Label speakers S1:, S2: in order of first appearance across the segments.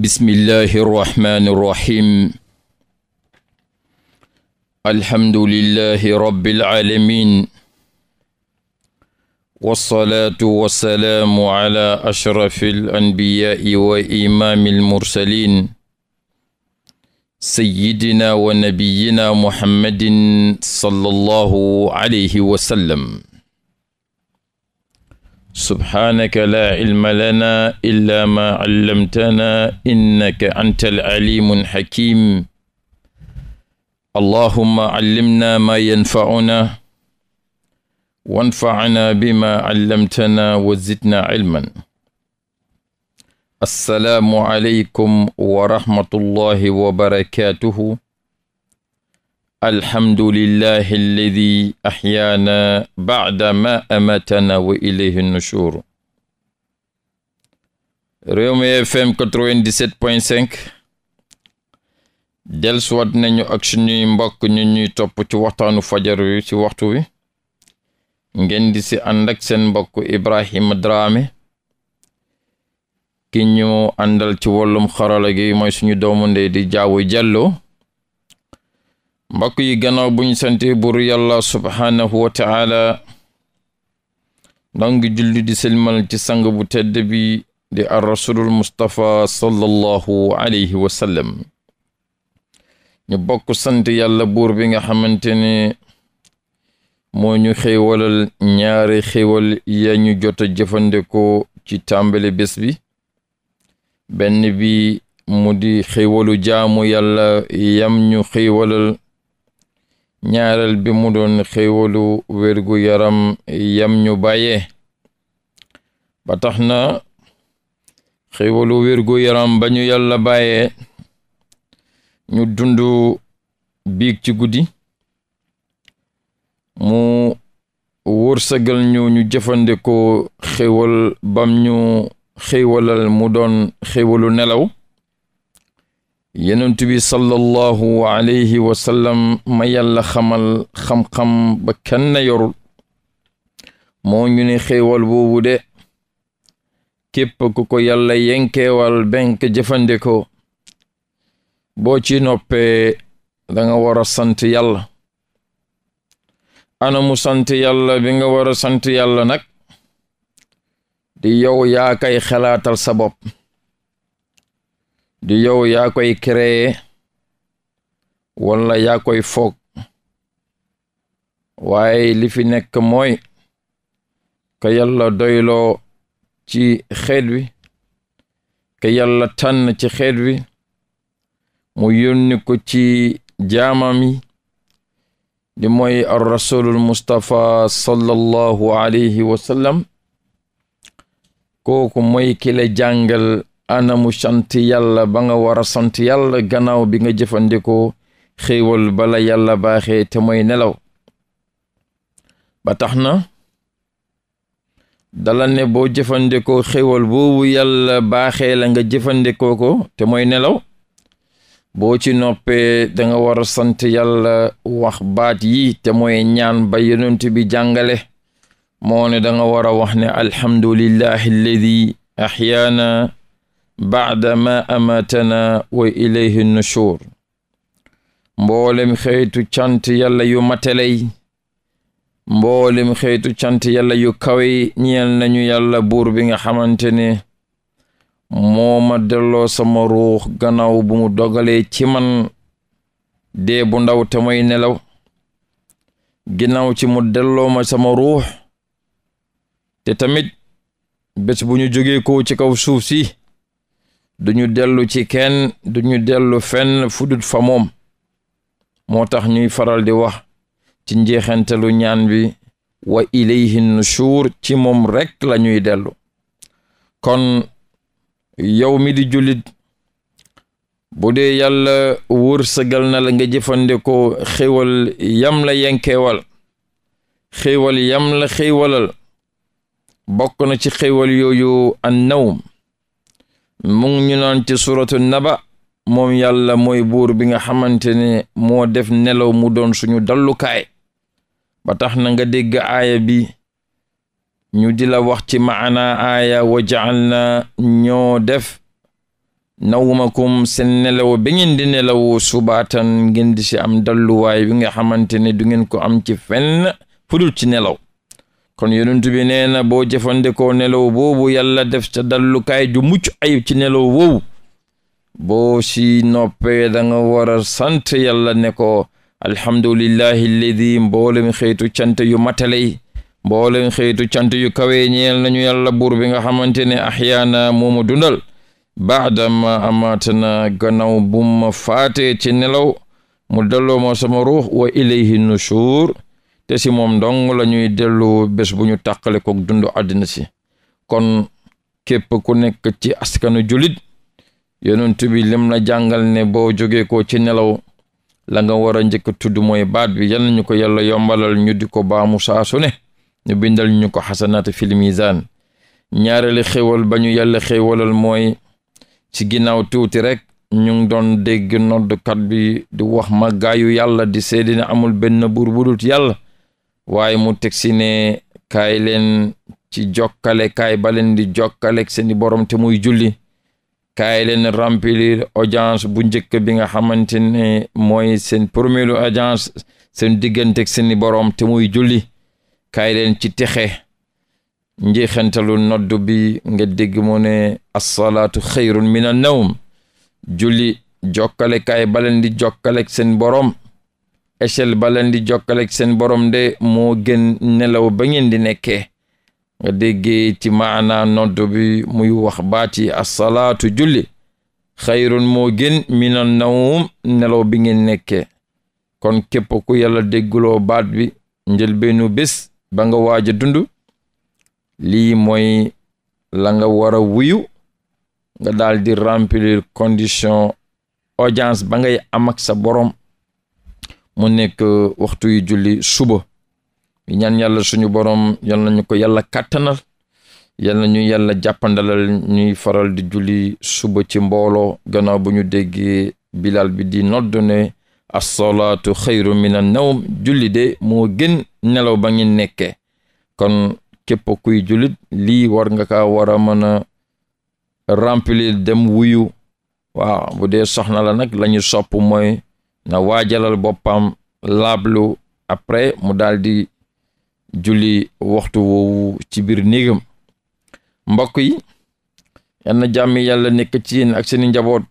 S1: bismillahi rrahmani rrahim alhamdulillahi rabbil alamin wasalaatu wasalaamu ala ashrafi alanbiyaai wa imaami almursalin sayidina wa nabiyina muhammadin sallallahu alayhi wa sallam subhaanaka laa ilma lanaa illaa maa allamtanaa innaka anta al-aliimu al-hakiim allahumma allimnaa maa yanfa'unaa wanfa'naa bimaa allamtanaa wa zidnaa ilman assalaamu aleykum wa rahmatullaahi wa barakaatuhu alhamdulillahi alladi axyaana baada ma amatana wa ilayhi nushur Rewmi FM 97.5 delsuwaat nañu ak suñuy mbokk ñu ñuy topp ci waxtaanu fajar wi ci waxtu wi ngeen di si ànd ak seen mbokk Ibrahima Drame ki ñu àndal ci wàllum xarala gi mooy suñu doomu ndey di jaawu jàlloo mbokk yi gannaaw buñ sante buur yàlla subhaanahu wa taala noo ngi julli di ci sang bu tedd bi di ar rasulul mustapha sallallahu alayhi wa ñu bokk sant yàlla buur bi nga xamante ne moo ñu xéewalal ñaari xéewal ya ñu jot a jëfandikoo ci tàmbali bés bi benn bi mu di xéewalu jaamu yàlla yam ñu xéewalal ñaareel bi mu doon xéewalu wérgu yaram yam ñu bàyyee ba tax na xéewalu wérgu yaram ba ñu yàlla bàyyee ñu dundu biig ci guddi mu wërsëgal ñu ñu jëfandikoo xéewal bam ñu xéewalal mu doon xéewalu nelaw yenent bi sallallahu alayhi wa sallam ma yàlla xamal xam-xam ba kenn yorul moo ñu ni xéewal boobu de képp ku ko yàlla yenkeewal benk jëfandikoo boo ci noppee da nga war a sant yàlla anamu sant yàlla bi nga war a sant yàlla nag di yow yaa kay xalaatal sa bopp di yow yaa koy créer wala yaa koy foog waaye li fi nekk mooy ka yàlla doyloo ci xeet ka yàlla tànn ci xeet wi mu yónni ko ci jaamam yi di mooy ar rasulul mustapha sallallahu alayhi wa sallam kooku mooy ki la anamu sant yàlla ba nga war a sant yàlla gannaaw bi nga jëfandikoo xéewal bala yàlla baaxee te mooy nelaw ba tax na dala ne boo jëfandikoo xéewal boobu yàlla baaxee la nga jëfandikoo ko te mooy nelaw boo ci noppee danga nga war a sant yàlla wax baat yi te mooy ñaan ba yonent bi jàngale moo danga da war a wax ne alhamdulillahi alladi ahyaana baada ma amatana wa ilayhi nushur mboolem xeetu cant yalla yu matalay mboolem xeetu cant yàlla yu kawe ñeel nañu yàlla buur bi nga xamante ne moo ma delloo sama ruux gannaaw bu mu dogalee ci man dee bu ndaw te mooy nelaw ginnaaw ci mu delloo ma sama ruux te tamit bés bu ñu jógee ko ci kaw suuf si duñu dellu ci kenn du ñu dellu fenn fudut fa moom moo tax ñuy faral di wax ci njeexantelu ñaan bi wa ilayhi nushur ci moom rekk la ñuy dellu kon yow mi di julit bu dee yàlla wërsëgal na la nga jëfandikoo xéewal yam la yenkeewal xéewal yam la xéewalal bokk na ci xéewal yooyu an nawm mu ngi ñu naan ci naba moom yàlla mooy buur bi nga xamante ne moo def nelaw mu doon suñu dallukaay ba tax na nga dégg aaya bi ñu di la wax ci maanaa aaya wa jaalna ñoo def nawma nawmakum seen nelaw bi ngeen di nelaw subaatan ngeen di si am dalluwaay wi nga xamante ne du ngeen ko am ci fenn fudul ci nelaw kon yonent bi nee na boo jëfandikoo nelaw boobu yàlla def ca dallukaay ju mucc ayib ci nelaw boobu boo si noppee da nga war a sant yàlla ne ko alhamdulillahi alladi mboolem xeetu cant yu mataley mboolem xeetu cant yu kawee ñeel nañu yàlla buur bi nga xamante ne axyaana moomu dundal baadama amaatana gannaaw bum ma faatee ci nelaw mu delloo ma sama ruux wa ilayhi nushur te si moom ndong la ñuy dellu bés bu ñu tàqale ko dund àddina si kon képp ku nekk ci askanu julit yonent bi lim la jàngal ne boo jógee ko ci nelaw la nga war a njëkk tudd mooy baat bi yal ko yàlla yombalal ñu di ko baamu saa ne ñu bindal ñu ko xasanaat fil misaan ñaareelu xéwal ba ñu yàlla xéwalal mooy ci ginnaaw tuuti rek ñu ngi doon dégg noddkat bi di wax ma gaayu yàlla di seede ne amul benn buur budut yàlla waaye mu teg si ne kaay leen ci jokkale kaay ba leen di jokkale seeni borom te muy julli kaay leen remplir audience bu njëkk bi nga xamante ne mooy seen premier audience seen diggante seeni borom te muy julli kaay leen ci texe njeexantalu noddu bi nga dégg mu ne assalaatu xayrun min an nawm julli jokkale kaay ba leen di jokkale seen borom échelle ba leen di jokkaleeg seen borom de moo gën nelaw ba ngeen di nekkee nga déggee ci maanaa nodd bi muy wax baati salaatu julli xayrun moo gën mina nawum nelaw bi ngeen nekkee kon képp ku yàlla dégguloo baat bi njëlbeenu bés ba nga waaj a dund lii mooy la nga war a wuyu nga daldi di remplir condition ba ngay am ak sa borom mu nekk waxtu yu julli suba ñan yàlla suñu borom yal nañu ko yàlla kàttanal yal nañu yàlla jàppandalal ñuy faral di julli suba ci mbooloo gannaaw bu ñu déggee bilal bi di nodd ne assalaatu xayru min an julli de moo gën nelaw ba ngeen nekkee kon képp kuy jullit lii war nga kaa war a mën a remplir dem wuyu waaw bu dee soxna nag lañu sopp mooy na waajalal boppam laablu après mu daldi julli waxtu woowu ci biir néegam mbokk yi yal na jàmmi yàlla nekk ci yéen ak seeni njaboot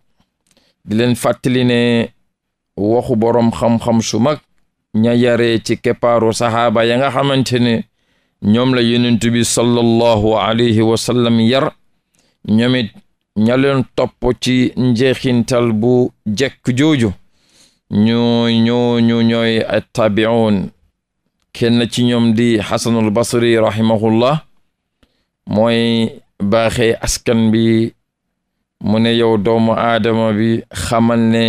S1: di leen fàttali ne waxu boroom xam-xam su mag ña yaree ci keppaaru saxaaba ya nga xamante ne ñoom la yonent bi sallallahu alayhi wa yar ñoomit ña leen ci njeexintal bu jekk jooju ñoo ñooñu ñooy taabi'un kenn ci ñoom di xasanul basri rahimahullah mooy baaxee askan bi mu ne yow doomu aadama bi xamal ne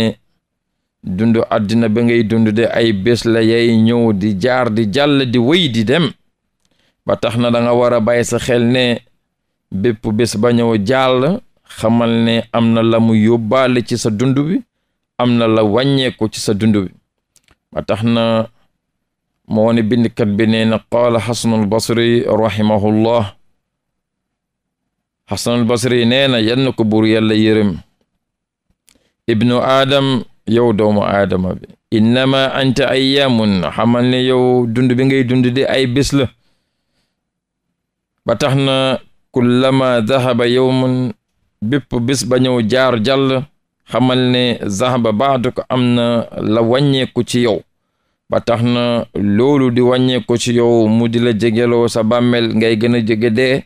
S1: dund àddina ba ngay dundu de ay bés la yay ñëw di jaar di jàll di wéy di dem ba tax na danga nga war a bàyyi sa xel ne bépp bés ba ñëw jàll xamal ne am na la mu yóbbaale ci sa dundu bi am na la wàññeeku ci sa dund bi ba na moo ne bindkat bi nee na qaala xasanul basri rahimahullah xasanul basri nee na yan na ko buur yàlla yërëm ibnu aadam yow doomu aadama bi innama anta ayyaamun xamal ne yow dund bi ngay dund di ay bés la ba tax na kullama dahaba yowmun bépp bés ba ñëw jaar jàll xamal ne zahaba baaduka am na la wàññeeku ci yow ba tax na loolu di wàññeeku ci yow mu di la jegeloo sa bàmmeel ngay gën a jege dee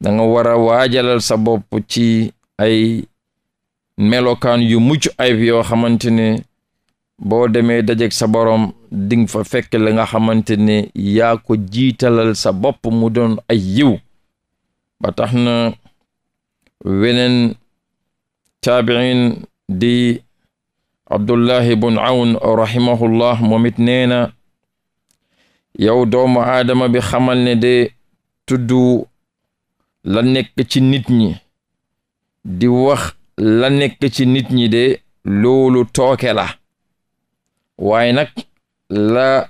S1: da nga war a waajalal sa bopp ci ay melokaan yu mucc ayib yoo xamante ne boo demee dajeg sa borom ding fa fekk la nga xamante ne yaa ko jiitalal sa bopp mu doon ay yiw ba tax na weneen taabiin di abdullahi bun awn rahimahullah moom it nee na yow doomu aadama bi xamal ne de tudd la ci nit ñi di wax la nekk ci nit ñi de loolu tooke la waaye nag la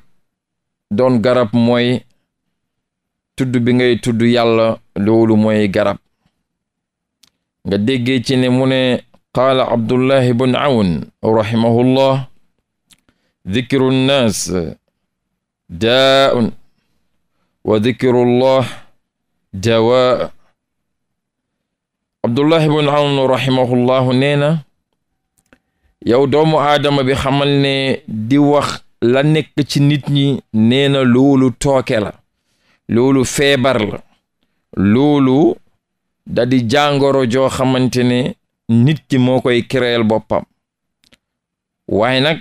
S1: doon garab mooy tudd bi ngay tuddu yàlla loolu mooy garab nga déggee ci ne mu qaala abdullahi bun awn rahimahullah dikru nnaas daaun wa dikru llah dawaa abdullahi bun awn rahimahullahu nee na yow doomu aadama bi xamal ne di wax la nekk ci nit ñi nee na loolu tooke la loolu feebar la loolu jàngoro joo xamante ne nit ki moo koy créer boppam waaye nag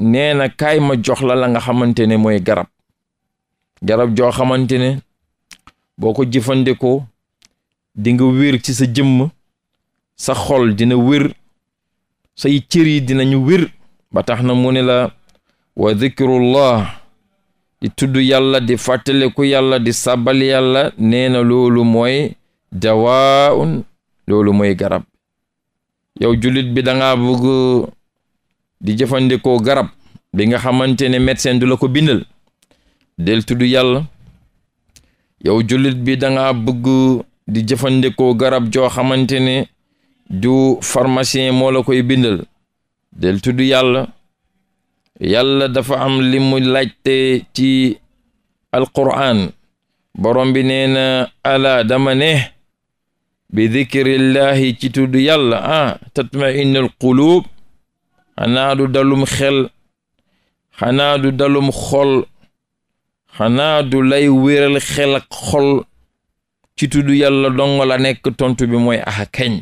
S1: nee na kaay jox la la nga xamante ne mooy garab garab joo xamante ne boo ko jëfandikoo di nga wér ci sa jëmm sa xol dina wér say cër yi dinañu wér ba tax na mu ne la wa zikrullah di tudd yàlla di fàttaliku yàlla di sabal yàlla nee na loolu mooy dawaun loolu mooy garab yow julit bi danga ngaa bëgg di jëfandikoo garab bi nga xamante ne médecin du la ko bindal del tudd yàlla yow julit bi danga ngaa bëgg di jëfandikoo garab joo xamante ne du pharmacien moola koy bindal del tudd yàlla yàlla dafa am limu laajte ci alquran borom bi nee ala dama bi dikrillahi ci tudd yàlla ah tatma innal quluub xanaa du dalum xel xanaa du dalum xol xanaa du lay wéral xel ak xol ci tudd yàlla donga la nekk tontu bi mooy axa ah, kañ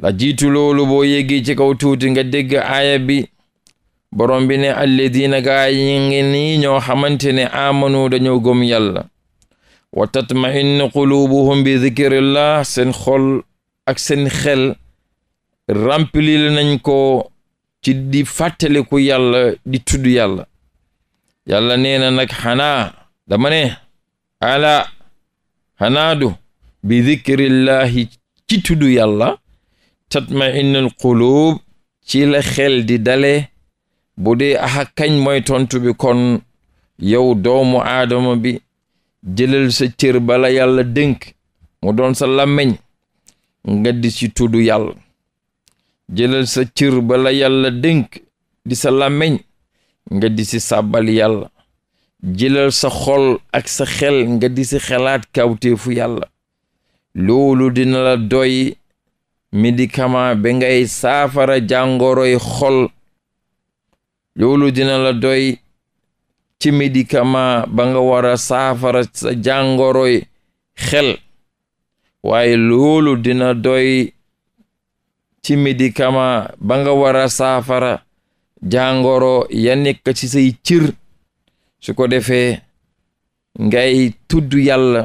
S1: la jiitu loolu boo yéegi ci kaw tuuti nga dégg aaya bi borom bi ne alladina gaa yi ngi nii ñoo xamante ne amanu dañoo gom yàlla wa tatmainnu qulubuhum bi dikrillah seen xol ak seen xel remplir nañ ko ci di fàttaliku yàlla di tuddu yàlla yàlla nee na nag xanaa dama ne ala xanaa du bi dikrillahi ci tudd yàlla tatma'innul quluub ci la xel di dale bu dee aha kañ mooy tontu bi kon yow doomu aadama bi jëlal sa cër bala yàlla dénk mu doon sa làmmiñ nga di ci tudd yàlla jëlal sa cër bala yàlla dénk di sa làmmiñ nga di ci sàbbal yàlla jëlal sa xol ak sa xel nga di ci xalaat kawteefu yàlla loolu dina la doy médicament bi ngay saafara jàngoroy xol loolu dina la doy ci médicament ba nga war saafara sa jàngoroy xel waaye loolu dina doy ci médicament ba nga wara saafara jàngoro ya nekk ci say cir su ko defee ngay tudd yàlla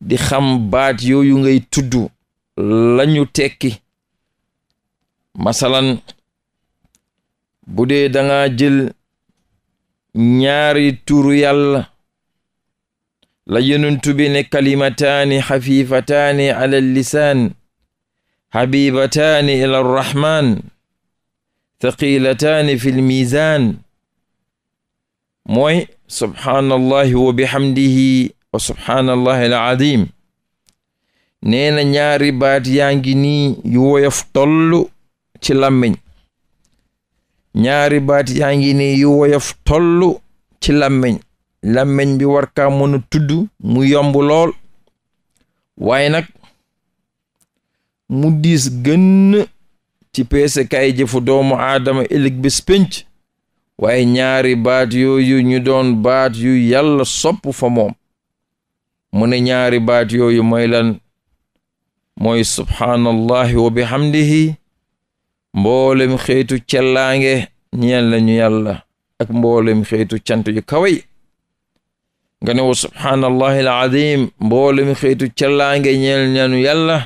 S1: di xam baat yooyu ngay tuddu lañu tekki masalan bu dee danga jël ñaari turu yàlla la yonent bi ne kalimataani xafifataani ala fi lmizan mooy subhaanallahi wa bihamdihi wa subhaanallahi alazim nee na ñaari baat yaa ngi nii yu woyof toll ci làmmiñ ñaari baat yaa ngi ni yu woyof tollu ci làmmiñ làmmiñ bi war kaa mën a tudd mu yomb lool waaye nag mu diis gënn ci peese kaay jëfu doomu aadama ëllëg bis pénc waaye ñaari baat yooyu ñu doon baat yu yàlla sopp fa moom mu ne ñaari baat yooyu mooy lan moy subhaanallahi wa bihamdihi mboolem xeetu cellaange ñeel nañu yàlla ak mboolem xeetu cant yu kaway nga ne wa subhaanallahi al azim mboolem xeetu cellaange ñeel nañu yàlla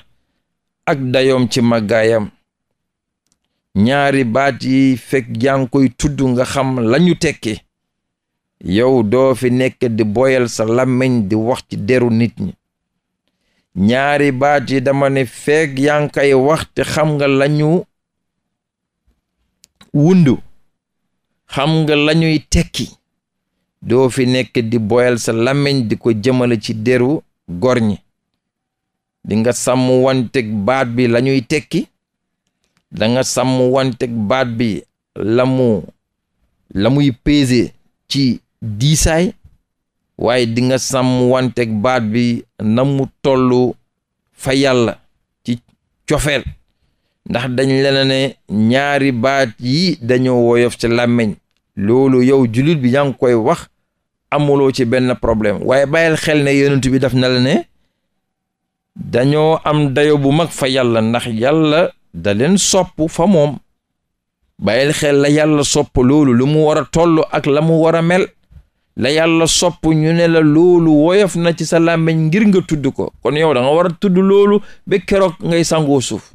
S1: ak dayoom ci màggaayam ñaari baat yi fekk yaa ngi koy tudd nga xam lañu tekki yow doo fi nekk di boyal sa làmmiñ di wax deru nit ñi ñaari baat yi dama ne fekk yaa ngi wax te xam nga lañu wundu xam nga lañuy tekki doo fi nekk di boyal sa làmmiñ di ko jëmale ci deru gor ñi dinga nga sàmm wanteg baat bi lañuy tekki da nga sàmm wanteg baat bi la mu la ci diisaay waaye dinga nga sàmm wanteg baat bi namu tollu fa yàlla ci cofeel ndax dañu la ne ñaari baat yi dañoo woyof ci làmmiñ loolu yow jullit bi yaa ngi koy wax amuloo ci benn problème waaye bayel xel ne yonent bi daf na la ne dañoo am dayo bu mag fa yàlla ndax yàlla da leen sopp fa moom bàyyil xel la yàlla sopp loolu lu mu war a toll ak la mu war a mel la yàlla sopp ñu ne la loolu woyof na ci sa làmmiñ ngir nga tudd ko kon yow danga nga war a tudd loolu ba keroog ngay sangoo suuf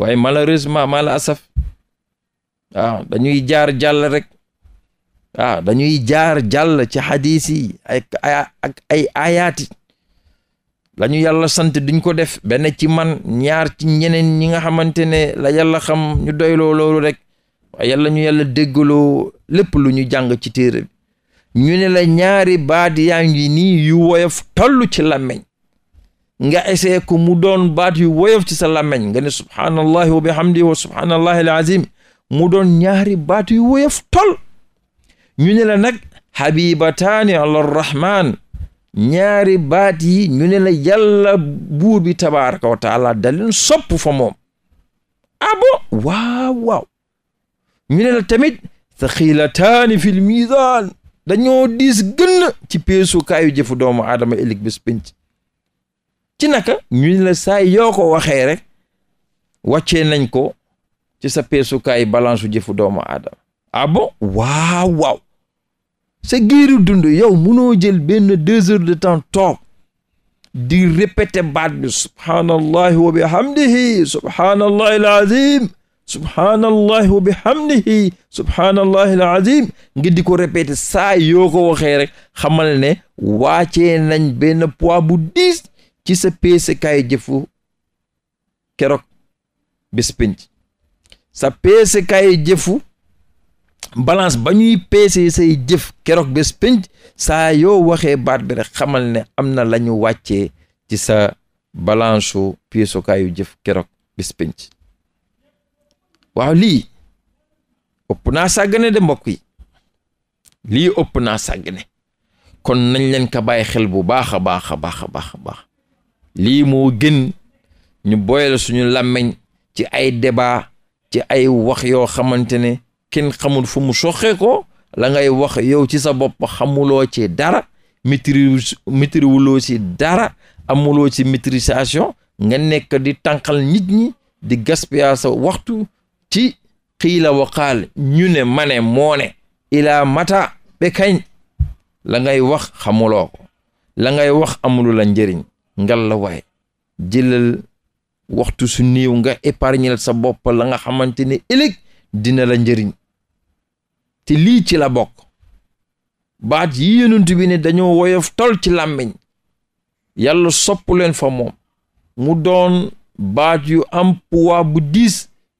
S1: waaye malheureusement mala asaf waaw dañuy jaar jàll rek waaw dañuy jaar jàll ci xadiis yi ay ak ay ayaati la ñu yàlla sant duñ ko def benn ci man ñaar ci ñeneen ñi nga xamante ne la yàlla xam ñu doyloo loolu rek waaye yàlla ñu yàlla déggaloo lépp lu ñu jàng ci téere ñu ne la ñaari baat yaa ngi nii yu woyof toll ci làmmeñ nga essayé ko mu doon baat yu woyof ci sa làmmeñ nga ne subhaanallahi wa bihamdi wa subhaanallahi al azim mu doon ñaari baat yu woyof tol ñu ne la nag habibataani ala rahman ñaari baat yi ñu ne la yàlla buur bi tabaraka wa taala dalin sopp fa moom abo ah waaw waaw ñu ne la tamit saxilataani fil miizaan dañoo diis gënn ci peesukaayu jëfu doomu aadama ëllëg bés ci naka ñu la saa yoo ko waxee rek wàccee nañ ko ci sa peesukaay balance jëfu doomu aadama ah bon waaw waaw sa giiru dund yow munoo jël benn deux de temps toog di répéter baat bi subhaanallahi wa bihamdihi subhaanallahi alazim subhaanallahi wa bihamdihi subhaanallahi alazim ngi di ko répéter saa yoo ko waxee rek xamal ne wàccee nañ benn poids bu diis ci sa peese kaay jëfu keroog bés pénc sa peese kaay jëfu balance ba ñuy peese say jëf keroog bés pénc saa yoo waxee baat bi rek xamal ne am na lañu wàcce ci sa balance su peesu jëf keroog bés pénc waaw lii ëpp naa sàggane de mbokk yi lii ëpp naa sàggane kon nañ leen ko bàyyi xel bu baax a baax a baax a baax baax lii moo gën ñu boyal suñu làmmeñ ci ay débat ci ay wax yoo xamante ne kenn xamul fu mu soxee ko la ngay wax yow ci sa bopp xamuloo ci dara maîtrise ci dara amuloo ci maîtrisation nga nekk di tànqal nit ñi di gaspillage waxtu ci xiila waxaal ñu ne ma moone moo ilaa mata be kañ la ngay wax xamuloo ko la ngay wax amulu la njëriñ ngal la waay waxtu su néew nga épargnel sa boppa la nga xamante ne ëllëg dina la njëriñ te lii ci la bokk baat yi yonent bi dañoo woyof tol ci làmmiñ yàlla sopp leen fa moom mu doon baat yu am poids bu diis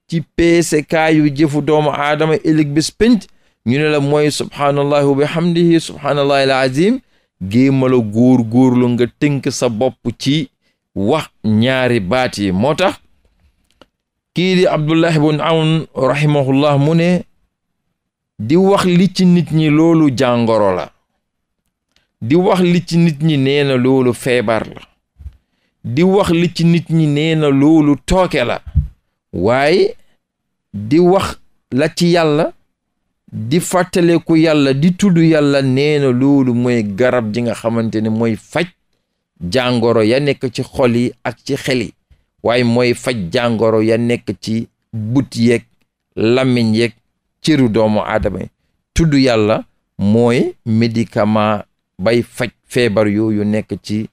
S1: ci peesekaay yu jëfu doomu aadama ëllëg bés pénc ñu ne la mooy subhaanallahi wa bihamdihi subhaanallahi al azim géema la góor góorlu nga tënk sa bopp ci wax ñaari baat yi moo tax kii di abdullah ibn rahimahullah mu ne di wax li nit ñi loolu jàngoro la di wax li nit ñi neena loolu feebar la di wax li nit ñi neena loolu tooke la waaye di wax la ci yàlla di fàttaleku yàlla di tuddu yàlla nee loolu mooy garab ji nga xamante ne mooy faj jàngoro ya nekk ci xol yi ak ci xeli waaye mooy faj jàngoro ya nekk ci but yeeg làmmiñ yeeg cëru doomu aadama tuddu tudd yàlla mooy médicament bay faj feebar yooyu nekk ci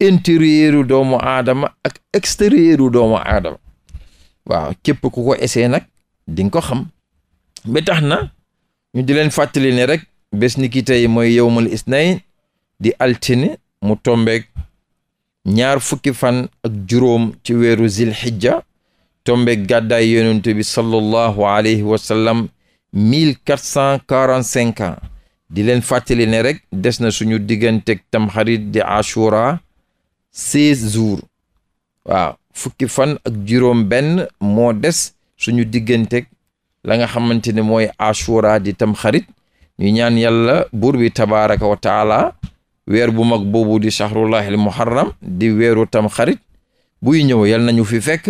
S1: intérieuru doomu aadama ak extérieuru doomu aadama waaw képp ku ko essayé nag di xam ba tax na ñu di leen fàttali ne rek bés ni ki tey mooy yowmal isnayn di altine mu tombek ñaar fukki fan ak juróom ci weeru zilhijja tombeeg gàddaay yonent bi sallallahu alayhi wa sallam mille quatre cent quarante cinq di leen fàttali ne rek des na suñu digganteeg tamxarit di ashura seize jours waaw fukki fan ak juróom benn moo des suñu digganteeg la nga xamante ne mooy ashura di tamxarit ñu ñaan yalla buur bi tabaraka wa weer bu mag boobu di shahrullahil muharram di weeru tamxarit buy ñëw yal nañu fi fekk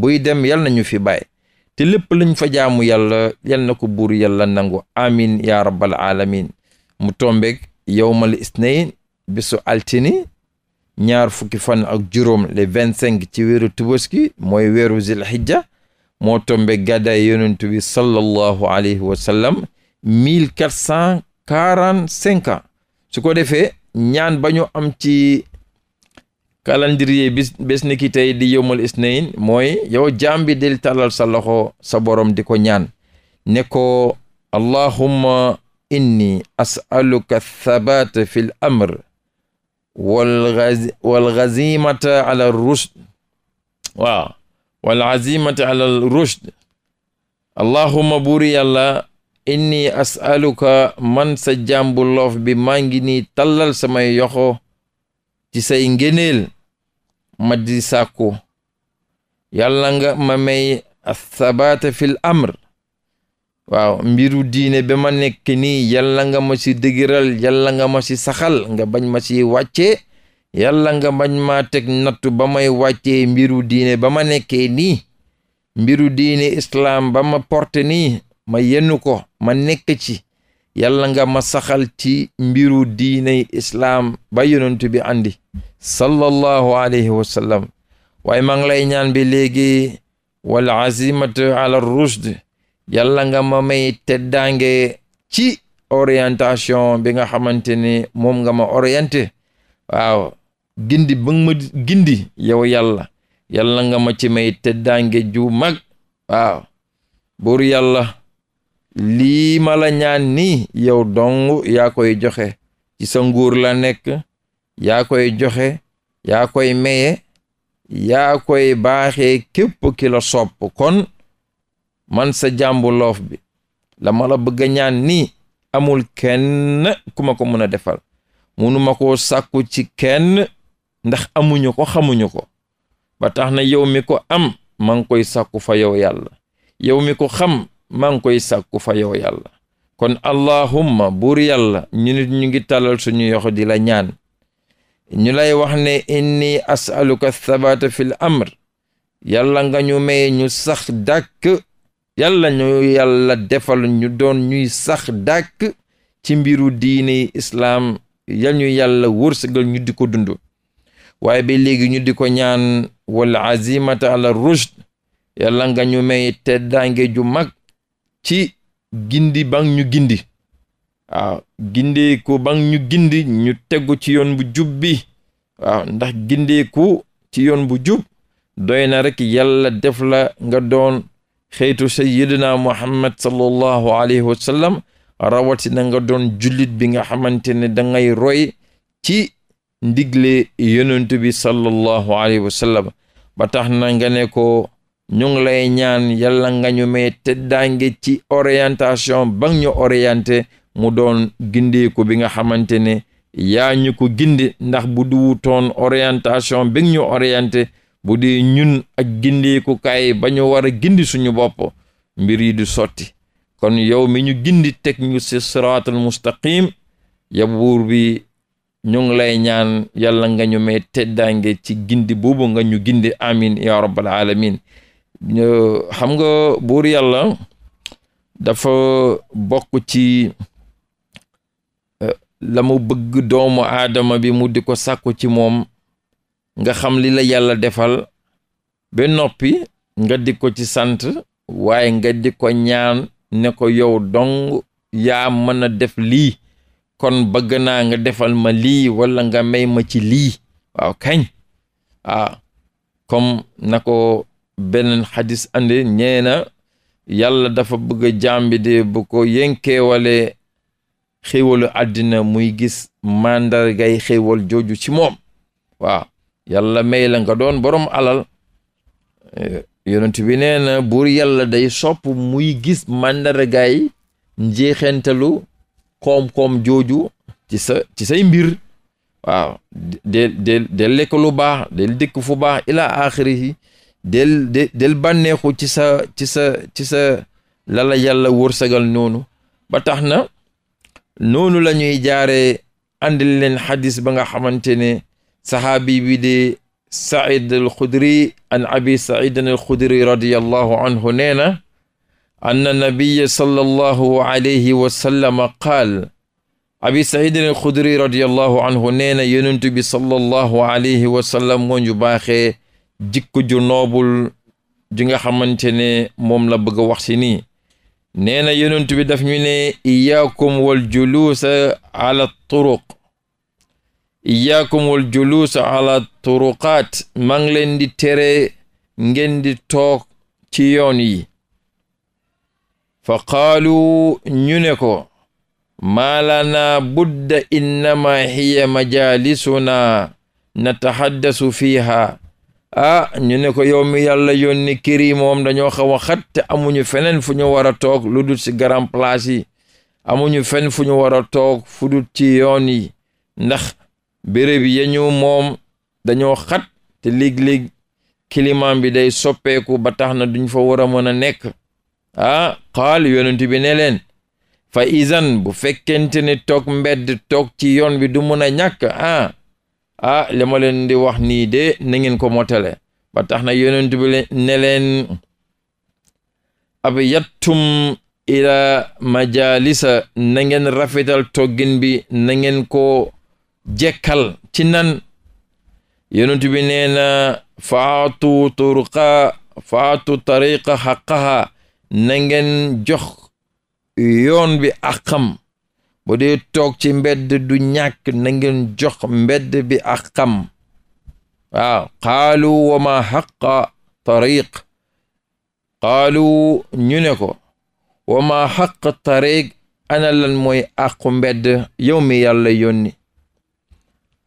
S1: buy dem yal nañu fi bàyyi te lépp lañ fa jaamu yàlla yal na ko buur yàlla nangu amin ya rabbal alamin mu tombeeg yowmal isnayn bisu altini ñaar fukki fan ak juróom le vingt cinq ci weeru tubaski mooy weeru zilhijja moo tombe gàddaay yonent bi sallallahu alayhi wa sallam mille su ko defee ñaan ba am ci calendrier bis di yomal isnayin mooy yow jaam bi del tàllal sa loxo sa borom di ko ñaan ne ko allahumma inni as'aluka thabata fi amr wal gazimata ala rusd waaw wal azimati alal rushd allahuma buuri yàlla inni asaluka man sa jàmbu loof bi maa ngi nii tallal samay yoxo ci say ngéneel ma di yàlla nga ma may athabaata fil amr waaw mbiru diine ba ma nekk ni yàlla nga ma ci dëgëral yàlla nga ma ci saxal nga bañ ma ci wàcce yàlla nga bañ maa teg nattu ba may wàccee mbiru diine ba ma nekkee nii mbiru diine islaam ba ma porte nii ma yennu ko ma nekk ci yàlla nga ma saxal ci mbiru diine islaam ba yonent bi andi sallallahu alayhi wa sallam waaye maa ngi lay ñaan bi léegi wal azimatu ala rushd yàlla nga ma may teddaange ci orientation bi nga xamante ni moom nga ma orienté waaw gindi ba nga gindi yow yàlla yàlla nga ma ci may teddaange ju mag waaw buur yàlla lii ma la ñaan ni yow dong yaa koy joxe ci sa nguur la nekk yaa koy joxe yaa koy maye yaa koy baaxe képp kilo sopp kon man sa jàmbu loof bi la ma la bëgg a ñaan ni amul kenn ku ma ko mën a defal munu ma koo sàkku ci kenn ndax amuñu ko xamuñu ko ba tax na yow mi ko am maa koy sakku fa yow yàlla yow mi ko xam maa ngi koy sàkku fa yow yàlla kon allahumma buur yàlla ñu nit ñu ngi talal suñu yoxo di la ñaan ñu lay wax ne inni asaluka thabata fil amr yàlla nga ñu may ñu sax dàkk yàlla ñu yàlla defal ñu doon ñuy sax dàkk ci mbiru diini islaam yal ñu yàlla wërsëgal ñu di ko dund waaye ba léegi ñu di ko ñaan walla azimata ala rushd yàlla nga ñu may teddaange ju mag ci gindi bang ñu gindi waaw gindeeku bang ñu gindi ñu tegu ci yoon bu jubbi bi waaw ndax gindeeku ci yoon bu jub doy na rek yàlla def la nga doon xëytu sayyidina muhammad sallallahu alayhi wa sallam rawatina nga doon julit bi nga xamante ne da roy ci ndigle yonent bi sallallahu alayhi wa sallam ba tax na nga ne ko ñu ngi lay ñaan yàlla nga ñu may teddaange ci orientation ba ñu orienté mu doon gindeeku bi nga xamante ne yaa ñu ko gindi ndax bu duwutoon orientation bi ñu orienté bu dee ñun ak gindeeku kaay ba ñu war a gindi suñu bopp mbir yi du sotti kon yow mi ñu gindi teg ñu si siraatal ya buur bi ñu ngi lay ñaan yàlla nga ñu may ci gindi boobu nga ñu gindi amin ya rabbal alamin xam nga buur yàlla dafa bokk ci eh, la bëgg doomu aadama bi mu di ko sàkku ci moom nga xam li la yàlla defal ba noppi nga di ko ci sant waaye nga di ko ñaan ne ko yow dong yaa mën a def lii kon bëgg naa nga defal ma lii wala nga may ma ci lii waaw kañ waaw ah, comme na ko beneen xadis andi ñee na yàlla dafa bëgg jàmbi de bu ko yënkeewale xéwalu àddina muy gis màndargay xéwal jooju ci moom waaw yàlla may la nga doon boroom alal eh, yonent bi nee na yàlla day sopp muy gis màndargay njeexentalu koom-koom jooju ci sa ci say mbir waaw del del del lekk lu baax del dëkk fu baax ila axirihi del de del bànneexu ci sa ci sa ci sa lala yàlla wërsëgal noonu ba tax na noonu la ñuy jaaree andil leen xadis ba nga xamante ne saxaabi bi de Saïd al Xudri an abi Saïdan al Xudri radiallahu anhu nee anna nabiya sallallahu alayhi wa sallama qaal abi saidin alxudri radiallahu anhu nee na yonent bi sallallahu alayhi wa sallam moo ñu baaxee jikko ju noobul nga xamante moom la bëgg a wax si nii nee na yonent bi daf ñu ne iyaakum wal juluusa ala turuq iyaakum wal juluusa ala turuqaat maa leen di tere ngeen di toog ci yoon yi fa qaalu ñu ne ko maalana budda innama hiya majalisuna natahaddasu fiiha ah ñu ne ko yow mi yàlla yónni këri moom dañoo xaw a te amuñu feneen fu ñu war toog lu dul ci grand yi amuñu fen fu ñu war a toog fu ci yoon yi ndax béréb ya ñu moom dañoo xat te léeg-léeg climat bi day soppeeku ba tax na duñ fa war a mën a nekk ah qaal yonent bi ne leen fa izan bu fekkente ne toog mbedd toog ci yoon bi du mun a ñàkk ah ah li ma leen di wax nii de na ngeen ko motele ba tax na yonent bi ne leen ab yattum ila majalisa na ngeen rafetal toggin bi na ngeen ko jekkal ci nan yonent bi nee na faatu turqa faatu tariqa xaqaha na ngeen jox yoon bi àqam bu dee toog ci mbedd du ñàkk nangeen jox mbedd bi àqam waaw qaalu wa ma xaqa tariq qaalu ñu ne ko wa ma xaqa tariq ana lan mooy mbedd yow mi yàlla yónni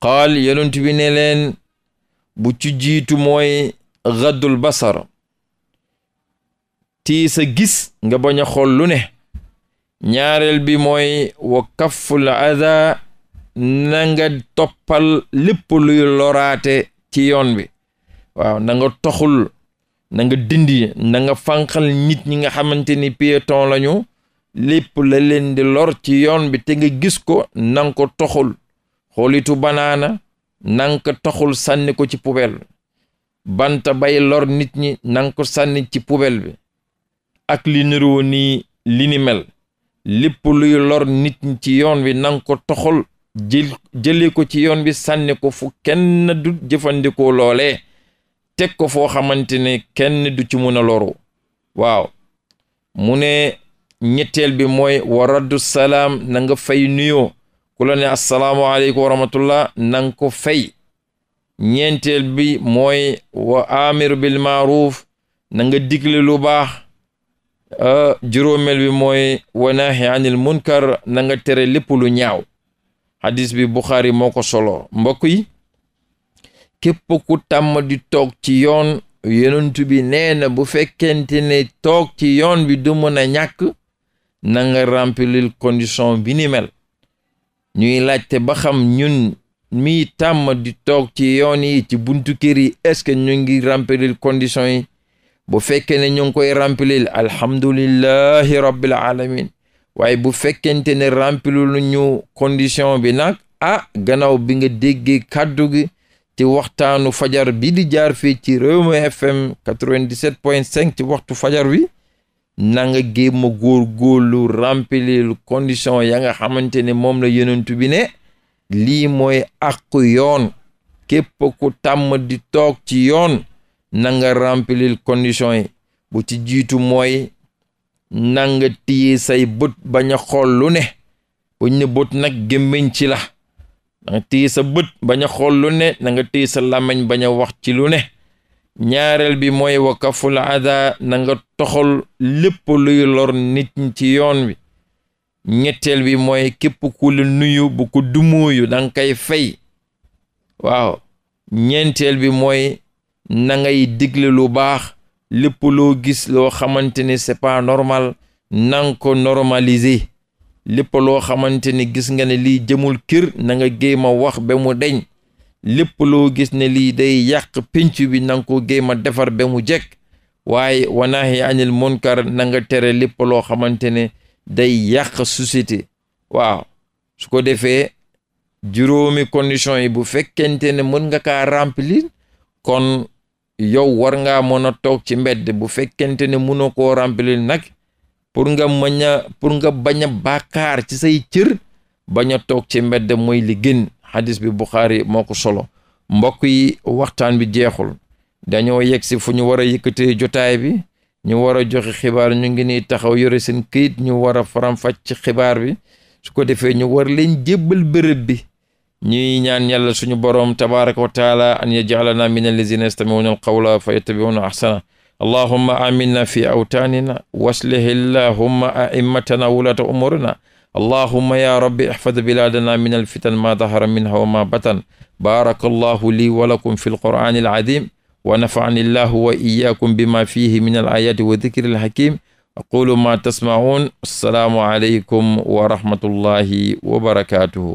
S1: qaal yonent bi ne bu ci jiitu mooy gaddul basar ci sa gis nga bañ a lu ne ñaareel bi mooy wa kafful aza na nga toppal lépp luy loraate ci yoon bi waaw nanga toxul nanga nga dindi na nga fànqal nit ñi nga xamante ni piéton lañu lépp la leen di lor ci yoon bi te nga gis ko na ko toxul xoolitu banaana na toxul sànni ko ci poubelle banta bay lor nit ñi na nga sànni ci poubelle bi ak li niroo nii li ni mel lépp luy lor nit ci yoon wi nang ko toxal jël jëlee ko ci yoon wi sànni ko fu kenn du jëfandikoo loole teg ko foo xamante ne kenn du ci mun a loru waaw mu ne ñetteel bi mooy wa raddu salaam na fay nuyoo ku la ne asalaamualeykum wa rahmatullah na ko fay ñeenteel bi mooy wa amiru bil maaruf na nga digle lu baax Euh, juróomeel bi mooy wanaahi anil munkar na tere lépp lu ñaaw hadis bi Buxaari moo ko solo mbokk yi képp ku tàmm di toog ci yoon yonent bi nee na bu fekkente ne toog ci yoon wi du mën a ñàkk na nga remplir condition bi ni mel ñuy laajte ba xam ñun mi tàmm di toog ci yoon yi ci buntu kër yi est-ce que ñu ngi remplir condition yi bu fekkee ne ñu ngi koy remplir alhamdulillahi rabbil alamin waaye bu fekkente ne remplir ñu condition bi nag ah gannaaw bi nga déggee kàddu gi ci waxtaanu fajar bi di jaar fii ci Rewmi FM 97.5 ci waxtu fajar wi na nga géem a góorgóorlu remplir condition ya nga xamante ne moom la yenentu bi ne lii mooy àqu yoon képp ku tàmm di toog ci yoon nanga remplir condition yi bu ci jiitu mooy nanga téye say bët bañ a xool ne buñ ne bët nag gémmiñ ci la nanga téye sa bañ a xool ne nanga téye sa làmmiñ bañ a wax ci lu ne ñaareel bi mooy wakaful ada nanga toxal lépp luy lor nit ñi ci yoon bi ñetteel bi mooy képp ku la nuyu bu ko dumóoyu danga koy fay waaw ñeenteel bi mooy na ngay digle lu baax lépp loo gis loo xamante ne c'est pas normal nang ko normaliser lépp loo xamante ne gis nga ne lii jëmul kër na nga géem wax ba mu deñ lépp loo gis ne lii day yàq pénc bi na nga ko defar ba mu jekk waaye wanaahi anil munkar na nga tere lépp loo xamante ne day yàq société waaw su ko defee juróomi condition yi bu fekkente ne mën nga kaa remplir kon yow war ngaa mën a toog ci mbedd bu fekkente ne mënoo koo remplir nag pour nga mën a nga bañ a bàkkaar ci say cër bañ a toog ci mbedd mooy li gën hadis bi Buxaari moo ko solo mbokk yi waxtaan bi jeexul dañoo yegg si fu ñu war a yëkkatee jotaay bi ñu war a joxe xibaar ñu ngi nii taxaw yore seen këyit ñu war a faram ci xibaar bi su ko defee ñu war leen jébbal bërëb bi ñuy ñaan yàlla suñu boroom tabaraka wa taala an yajalana min allazina yastamiuna alqawla fa yattabiuna ahsana allahumma aminna fi awtaanina waslih illahumma aimmatana wulata umurina allahumma ya rabbi ihfad biladana min alfitan ma dahara minha wa ma batan baraka allahu lii wa lakum fi alqur'ani alazim wa nafa'ani allahu wa iyyakum bima fihi min alayati wa dhikri alhakim aqulu ma tasma'un assalaamu alaykum wa rahmatullahi wa barakatuhu